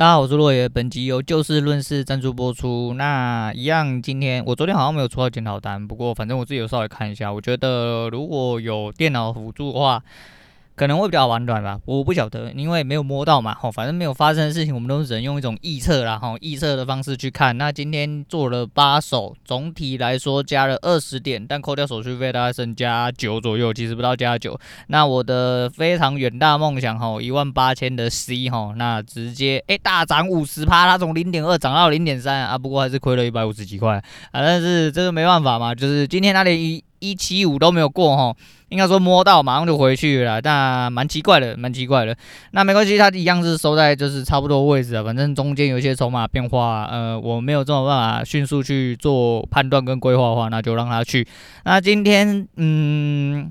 大家好，我是洛爺。本集由就事論事贊助播出。那一樣，今天我昨天好像沒有出到檢討單，不過反正我自己有稍微看一下，我覺得如果有電腦輔助的話。可能會比較婉轉吧，我不曉得，因為沒有摸到嘛，吼、哦，反正沒有發生的事情，我們都是只能用一種預測啦，吼、哦，預測的方式去看。那今天做了八手，總體來說加了二十點，但扣掉手續費大概剩加九左右，其實不到加九。9，那我的非常遠大夢想，吼、哦，一萬八千的 C，吼、哦，那直接誒、欸、大漲五十趴，它從零點二漲到零點三啊，不過還是虧了一百五十幾塊，反、啊、正是這個沒辦法嘛，就是今天那裡一。一七五都沒有過哦，應該說摸到馬上就回去了，但蠻奇怪的，蠻奇怪的。那沒關係，它一樣是收在就是差不多位置啊，反正中間有一些籌碼變化、啊，呃，我沒有這麼辦法迅速去做判斷跟規劃的話，那就讓它去。那今天，嗯，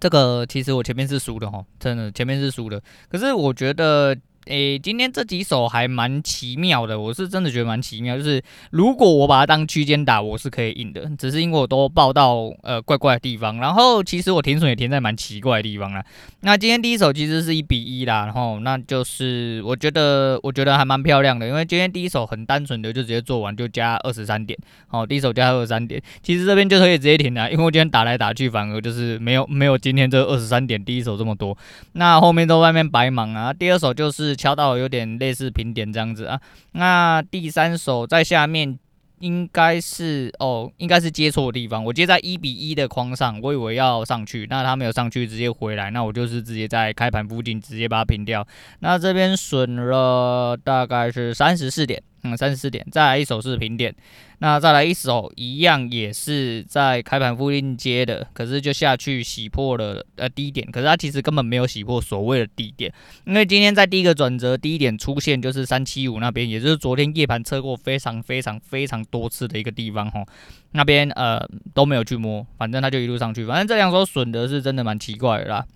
這個其實我前面是輸的吼，真的前面是輸的，可是我覺得。誒、欸，今天這幾手還蠻奇妙的，我是真的覺得蠻奇妙的。就是如果我把它當區間打，我是可以贏的，只是因為我都抱到呃怪怪的地方。然後其實我停損也停在蠻奇怪的地方啦。那今天第一手其實是一比一啦，然後那就是我覺得我覺得還蠻漂亮的，因為今天第一手很單純的就直接做完就加二十三點，好，第一手加二十三點，其實這邊就可以直接停了，因為我今天打來打去反而就是沒有沒有今天這二十三點第一手這麼多，那後面都外面白忙啊。第二手就是。敲到有點類似平點這樣子啊，那第三手在下面應該是哦、喔，應該是接錯的地方。我接在一比一的框上，我以為要上去，那他沒有上去，直接回來，那我就是直接在開盤附近直接把它平掉。那這邊損了大概是三十四點。嗯，三十四點，再來一手是平點，那再來一手一樣也是在開盤附近接的，可是就下去洗破了呃低點，可是它其實根本沒有洗破所謂的低點，因為今天在第一個轉折低點出現就是三七五那邊，也就是昨天夜盤測過非常非常非常多次的一個地方吼，那邊呃都沒有去摸，反正它就一路上去，反正這兩手損的是真的蠻奇怪的啦。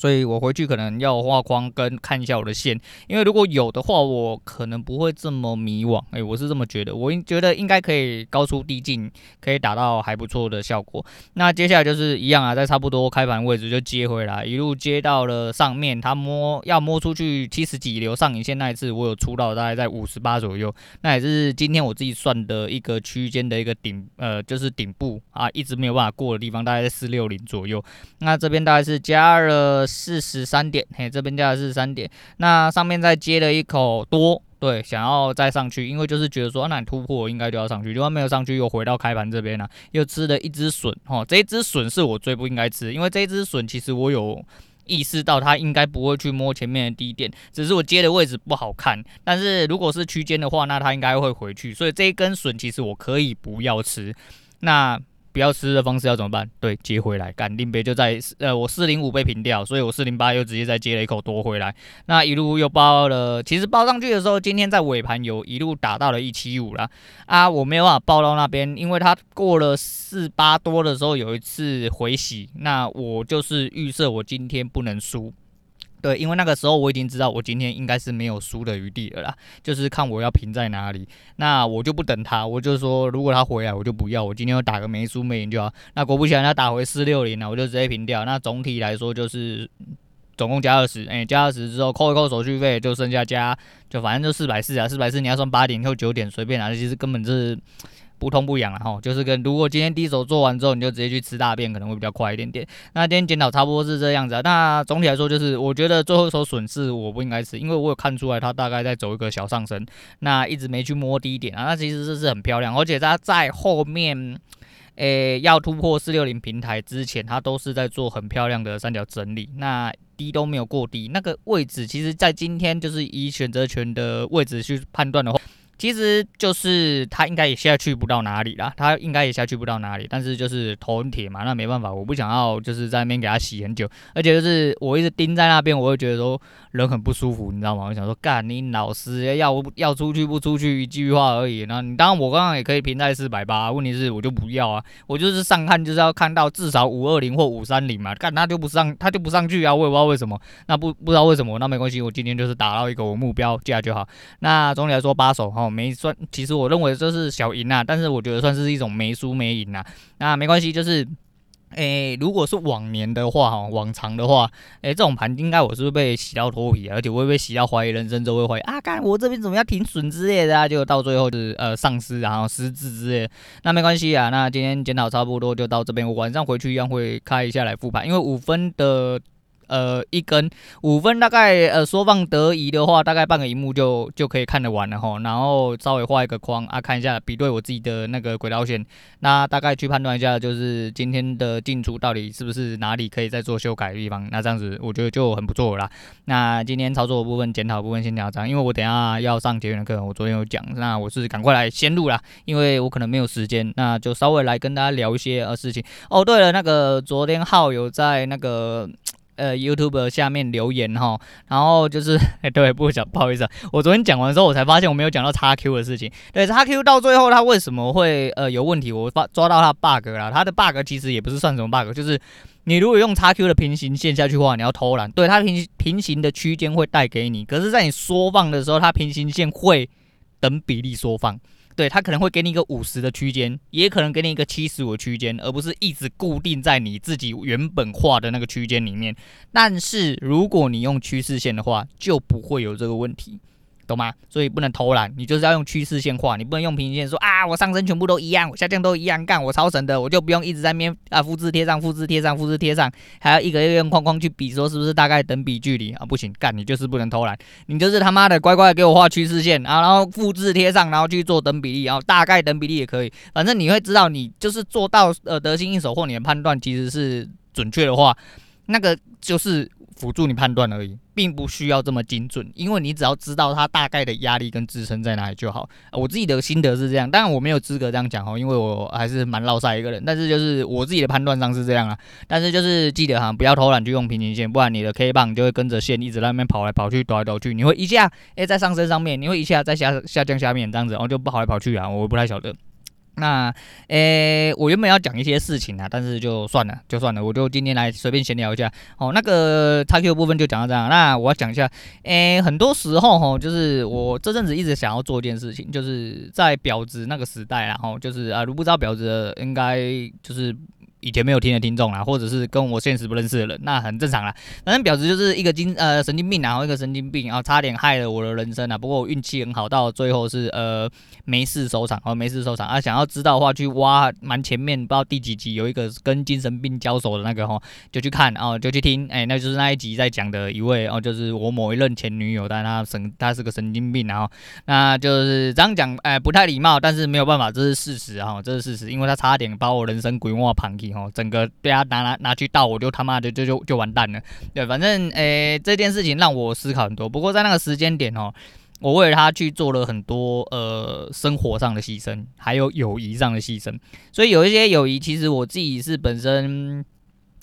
所以我回去可能要畫框跟看一下我的線，因為如果有的話，我可能不會這麼迷惘。哎，我是這麼覺得，我應覺得應該可以高出低進，可以達到還不錯的效果。那接下來就是一樣啊，在差不多開盤位置就接回來，一路接到了上面，它摸要摸出去七十幾留上影線那一次，我有出到大概在五十八左右，那也是今天我自己算的一個區間的一個頂，呃，就是頂部啊，一直沒有辦法過的地方，大概在四六零左右。那這邊大概是加了。四十三點，嘿，這邊加到四十三點，那上面再接了一口多，對，想要再上去，因為就是覺得說，那、啊、你突破我應該就要上去，因為沒有上去又回到開盤這邊了、啊，又吃了一隻筍，齁，這一隻筍是我最不應該吃，因為這一隻筍其實我有意識到它應該不會去摸前面的低點，只是我接的位置不好看，但是如果是區間的話，那它應該會回去，所以這一根筍其實我可以不要吃，那。不要吃的方式要怎麼辦？對，接回來，幹，林北就在呃，我四零五被平掉，所以我四零八又直接再接了一口多回來，那一路又抱了。其實抱上去的時候，今天在尾盤有一路打到了一七五了啊，我沒有辦法抱到那邊，因為它過了四八多的時候有一次回洗，那我就是預設我今天不能輸。對，因為那個時候我已經知道，我今天應該是沒有輸的餘地了啦，就是看我要平在哪裡。那我就不等他，我就說如果他回來我就不要，我今天要打個沒輸沒贏就好。那果不其然他打回四六零了，我就直接平掉。那總體來說就是總共加二十，誒，加二十之後扣一扣手續費，就剩下加，就反正就四百四啊，四百四你要算八點後九點隨便拿，啊，其實根本，就是。不痛不癢了哈，就是跟如果今天第一手做完之後，你就直接去吃大便可能會比較快一點點。那今天檢討差不多是這樣子啊。那總體來說，就是我覺得最後一手損失我不應該吃，因為我有看出來它大概在走一個小上升，那一直沒去摸低點啊。那其實這是很漂亮，而且它在後面，誒，要突破460平台之前，它都是在做很漂亮的三角整理，那低都沒有過低，那個位置其實，在今天就是以選擇權的位置去判斷的話。其實就是他應該也下去不到哪裡啦，他應該也下去不到哪裡，但是就是頭鐵嘛，那沒辦法，我不想要，就是在那邊給他洗很久，而且就是我一直盯在那邊，我會覺得說人很不舒服，你知道嗎？我想說，幹你老師，要我要出去不出去一句話而已，那你當然我剛剛也可以平在四百八，問題是我就不要啊，我就是上看就是要看到至少五二零或五三零嘛，幹他就不上，他就不上去啊，我也不知道為什麼，那不不知道為什麼，那沒關係，我今天就是達到一個我目標這樣就好。那總體來說八手齁。沒算，其實我認為這是小贏啊，但是我覺得算是一種沒輸沒贏啊。那沒關係，就是，誒、欸，如果是往年的話哈、哦，往常的話，誒、欸，這種盤應該我是，不是被洗到脫皮、啊，而且我也被洗到懷疑人生，就會懷疑啊，看我這邊怎麼樣停損之類的啊，就到最後、就是呃喪失，然後失智之類。那沒關係啊，那今天檢討差不多就到這邊，我晚上回去一樣會開一下來復盤，因為五分的。呃，一根五分，大概呃，縮放得宜的話，大概半個熒幕就就可以看得完了吼，然後稍微畫一個框啊，看一下比對我自己的那個軌道線，那大概去判斷一下，就是今天的進出到底是不是哪裡可以再做修改的地方。那這樣子我覺得就很不錯了啦。那今天操作的部分、檢討部分先聊這樣，因為我等一下要上結緣的課，我昨天有講，那我是趕快來先錄了，因為我可能沒有時間。那就稍微來跟大家聊一些呃事情。哦，對了，那個昨天號有在那個。呃，YouTube 下面留言哈，然後就是，哎、欸，對，不想，不好意思、啊，我昨天講完之後，我才發現我沒有講到 XQ 的事情。對，XQ 到最後它為什麼會呃有問題？我把抓到它 bug 啦。它的 bug 其實也不是算什麼 bug，就是你如果用 XQ 的平行線下去畫，你要偷懶，對，它平平行的區間會帶給你，可是，在你縮放的時候，它平行線會等比例縮放。對，它可能會給你一個五十的區間，也可能給你一個七十五的區間，而不是一直固定在你自己原本畫的那個區間裡面。但是如果你用趨勢線的話，就不會有這個問題。懂嗎？所以不能偷懶，你就是要用趨勢線畫，你不能用平行線說啊，我上升全部都一樣，我下降都一樣幹，我超神的，我就不用一直在邊啊複製貼上，複製貼上，複製貼上，還要一個，一個一個框框去比，說是不是大概等比距離啊？不行，幹，你就是不能偷懶，你就是他媽的乖乖的給我畫趨勢線啊，然後複製貼上，然後去做等比例，然後大概等比例也可以，反正你會知道，你就是做到呃得心應手，或你的判斷其實是準確的話，那個就是。輔助你判斷而已，並不需要這麼精準，因為你只要知道它大概的壓力跟支撐在哪裡就好、啊。我自己的心得是這樣，當然我沒有資格這樣講哦，因為我還是蠻落賽一個人。但是就是我自己的判斷上是這樣啊。但是就是記得哈，不要偷懶去用平行線，不然你的 K 棒就會跟着線一直在那邊跑來跑去、躲來躲去。你會一下哎、欸、在上升上面，你會一下在下下降下面這樣子，然、哦、後就跑來跑去啊。我不太曉得。那誒、欸，我原本要講一些事情啊，但是就算了，就算了，我就今天來隨便閒聊一下。哦，那個 XQ 部分就講到這樣。那我要講一下，誒、欸，很多時候吼就是我這陣子一直想要做一件事情，就是在婊子那個時代啦，然後就是啊，如不知道婊子應該就是。以前沒有聽的聽眾啊，或者是跟我現實不認識的人，那很正常啦。反正表示就是一個精呃神經病，然後一個神經病，然後，哦，差點害了我的人生啊。不過我運氣很好，到最後是呃沒事收場，哦沒事收場啊。想要知道的話，去挖蠻前面不知道第幾集有一個跟精神病交手的那個哈、哦，就去看哦，就去聽，哎、欸，那就是那一集在講的一位哦，就是我某一任前女友，但她神她是個神經病，然後，哦，那就是這樣講，哎、呃、不太禮貌，但是沒有辦法，這是事實啊、哦，這是事實，因為她差點把我人生規劃盤進。哦，整個被他拿拿拿去盜，我就他媽的就就就就完蛋了。對，反正誒、欸、這件事情讓我思考很多。不過在那個時間點哦、喔，我為了他去做了很多呃生活上的犧牲，還有友誼上的犧牲。所以有一些友誼，其實我自己是本身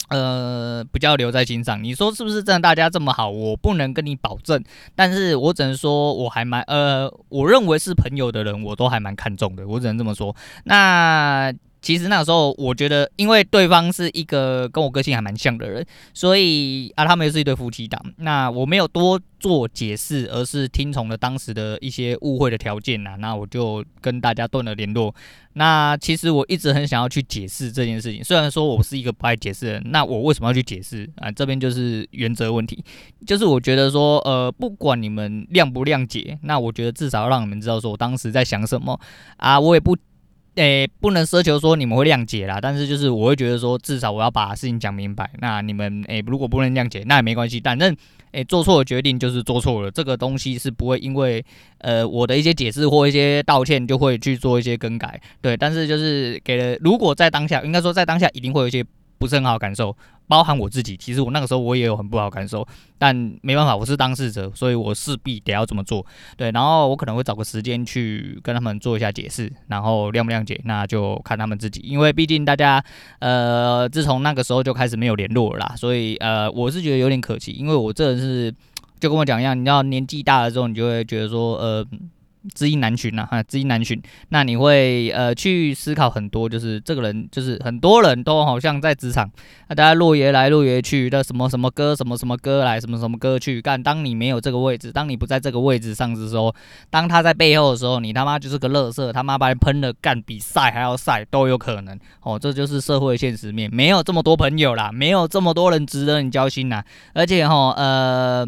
呃比較留在心上。你說是不是？真的大家這麼好，我不能跟你保證，但是我只能說我還蠻呃，我認為是朋友的人，我都還蠻看重的。我只能這麼說。那。其實那個時候，我覺得，因為對方是一個跟我個性還蠻像的人，所以啊，他們又是一對夫妻檔。那我沒有多做解釋，而是聽從了當時的一些誤會的條件吶啊。那我就跟大家斷了聯絡。那其實我一直很想要去解釋這件事情，雖然說我是一個不愛解釋的人，那我為什麼要去解釋啊？這邊就是原則問題，就是我覺得說，呃，不管你們諒不諒解，那我覺得至少要讓你們知道說我當時在想什麼啊，我也不。誒、欸，不能奢求說你們會諒解啦，但是就是我會覺得說，至少我要把事情講明白。那你們誒、欸，如果不能諒解，那也沒關係，反正誒做錯決定就是做錯了，這個東西是不會因為呃我的一些解釋或一些道歉就會去做一些更改。對，但是就是給了，如果在當下，應該說在當下一定會有一些。不是很好感受，包含我自己。其實我那個時候我也有很不好感受，但沒辦法，我是當事者，所以我勢必得要這麼做。對，然後我可能會找個時間去跟他們做一下解釋，然後諒不諒解那就看他們自己。因為畢竟大家呃，自從那個時候就開始沒有聯絡了啦，所以呃，我是覺得有點可惜。因為我這人是就跟我講一樣，你要年紀大了之後，你就會覺得說呃。知音難尋吶，哈，知音難尋。那你會呃去思考很多，就是這個人，就是很多人都好像在職場、啊，大家落爺來落爺去的，什麼什麼哥，什麼什麼哥來，什麼什麼哥去。但當你沒有這個位置，當你不在這個位置上的時候，當他在背後的時候，你他媽就是個垃圾，他媽把你噴了，幹比賽還要賽，都有可能。哦，這就是社會現實面，沒有這麼多朋友啦，沒有這麼多人值得你交心啦。而且齁，呃。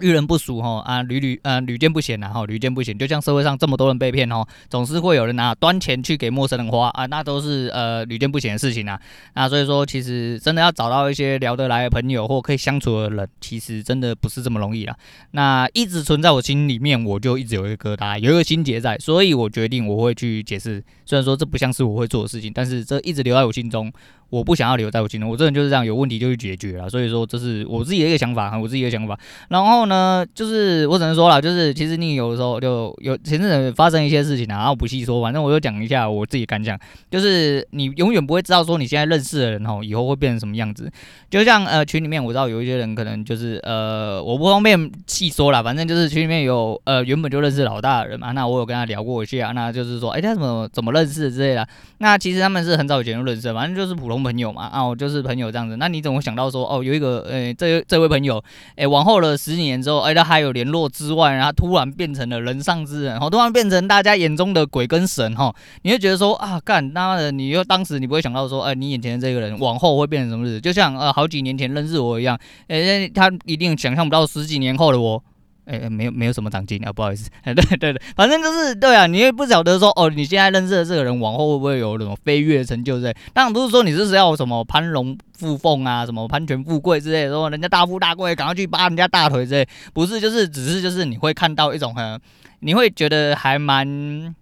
遇人不淑哈啊，屢屢呃屢、呃呃、見不鮮，然後屢見不鮮。就像社會上這麼多人被騙哈，總是會有人拿端錢去給陌生人花啊、呃，那都是呃屢見不鮮的事情啊。啊，所以說，其實真的要找到一些聊得來的朋友或可以相處的人，其實真的不是這麼容易了。那一直存在我心裡面，我就一直有一個疙瘩，有一個心結在。所以我決定我會去解釋，雖然說這不像是我會做的事情，但是這一直留在我心中。我不想要留在我心中，我這人就是這樣，有問題就去解決了啦。所以說，這是我自己的一個想法，哈，我自己的想法。然後呢，就是我只能說了，就是其實你有的時候就有前陣子發生一些事情啊，然後不細說，反正我就講一下我自己敢講，就是你永遠不會知道說你現在認識的人哦，以後會變成什麼樣子。就像呃，群裡面我知道有一些人可能就是呃，我不方便細說啦，反正就是群裡面有呃原本就認識老大的人啊，那我有跟他聊過一下、啊，那就是說，哎、欸，他怎麼怎麼認識之類的、啊。那其實他們是很早以前都認識的，反正就是普通。朋友嘛，啊，我就是朋友這樣子。那你怎麼會想到說，哦，有一個，誒、欸，這這位朋友，誒、欸，往後了十幾年之後，誒、欸，他還有聯絡之外，然後他突然變成了人上之人，好，突然變成大家眼中的鬼跟神，哈，你會覺得說，啊，幹他媽的，你又當時你不會想到說，哎、欸，你眼前的這個人往後會變成什麼日子？就像呃，好幾年前認識我一樣，誒、欸，他一定想象不到十幾年後的我。誒、欸欸，沒有，沒有什麼長進啊，不好意思，哎、欸，對對對，反正就是對啊，你也不曉得說，哦，你現在認識的這個人往後會不會有什麼飛躍成就之類，當然不是說你是要什麼攀龍附鳳啊，什麼攀權富貴之類的。說人家大富大貴，趕快去扒人家大腿之類，不是，就是只是就是你會看到一種很，你會覺得還蠻。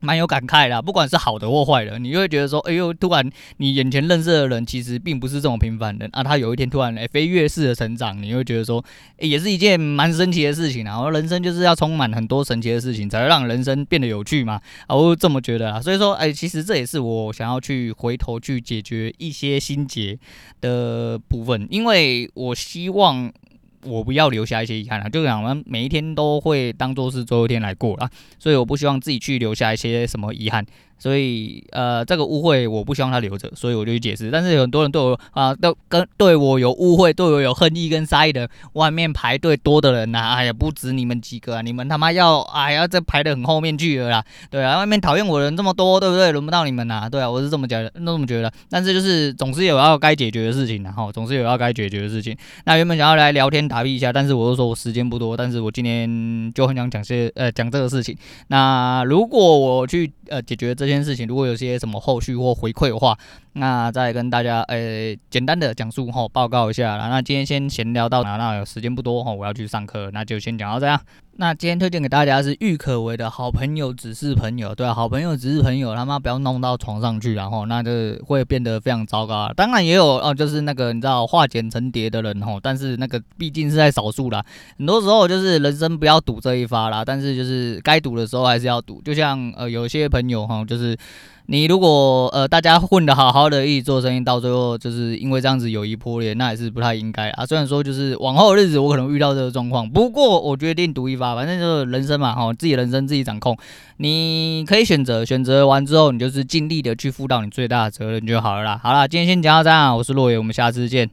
蠻有感慨啦，不管是好的或壞的，你就會覺得說，哎、欸、呦，突然你眼前認識的人其實並不是這種平凡的。啊，他有一天突然飛躍式的成長，你會覺得說，欸、也是一件蠻神奇的事情啊。然後人生就是要充滿很多神奇的事情，才會讓人生變得有趣嘛。啊，我就這麼覺得啊，所以說，哎、欸，其實這也是我想要去回頭去解決一些心結的部分，因為我希望。我不要留下一些遺憾了、啊，就想我們每一天都會當做是最後一天來過啊，所以我不希望自己去留下一些什麼遺憾。所以呃，這個誤會我不希望他留着，所以我就去解釋。但是有很多人對我啊，都、呃、跟對，對我有誤會，對我有恨意跟殺意的，外面排隊多的人吶、啊，哎呀，不止你們幾個啊，你們他媽要哎呀，這排得很後面去了啦。對啊，外面討厭我的人這麼多，對不對？輪不到你們啊。對啊，我是這麼講的，那麼覺得。但是就是總是有要該解決的事情然、啊、後總是有要該解決的事情。那原本想要來聊天打屁一下，但是我又說我時間不多，但是我今天就很想講些呃講這個事情。那如果我去呃解決這。這件事情，如果有些什麼後續或回饋的話，那再跟大家呃、欸、簡單的講述後報告一下，那今天先閒聊到哪？那有時間不多哈，我要去上課，那就先講到這樣。那今天推薦給大家是郁可唯的好朋友只是朋友，對啊，好朋友只是朋友，他媽不要弄到床上去，然後那就會變得非常糟糕。當然也有哦，就是那個你知道化繭成蝶的人哈，但是那個畢竟是在少數啦。很多時候就是人生不要賭這一發啦，但是就是該賭的時候還是要賭。就像呃，有些朋友哈，就是。你如果呃大家混得好好的一起做生意，到最後就是因為這樣子友誼破裂，那也是不太應該啊。雖然說就是往後的日子我可能遇到這個狀況，不過我決定賭一把，反正就是人生嘛，齁，自己人生自己掌控。你可以選擇，選擇完之後你就是盡力的去負到你最大的責任就好了啦。好啦，今天先講到這樣，我是洛爺，我們下次見。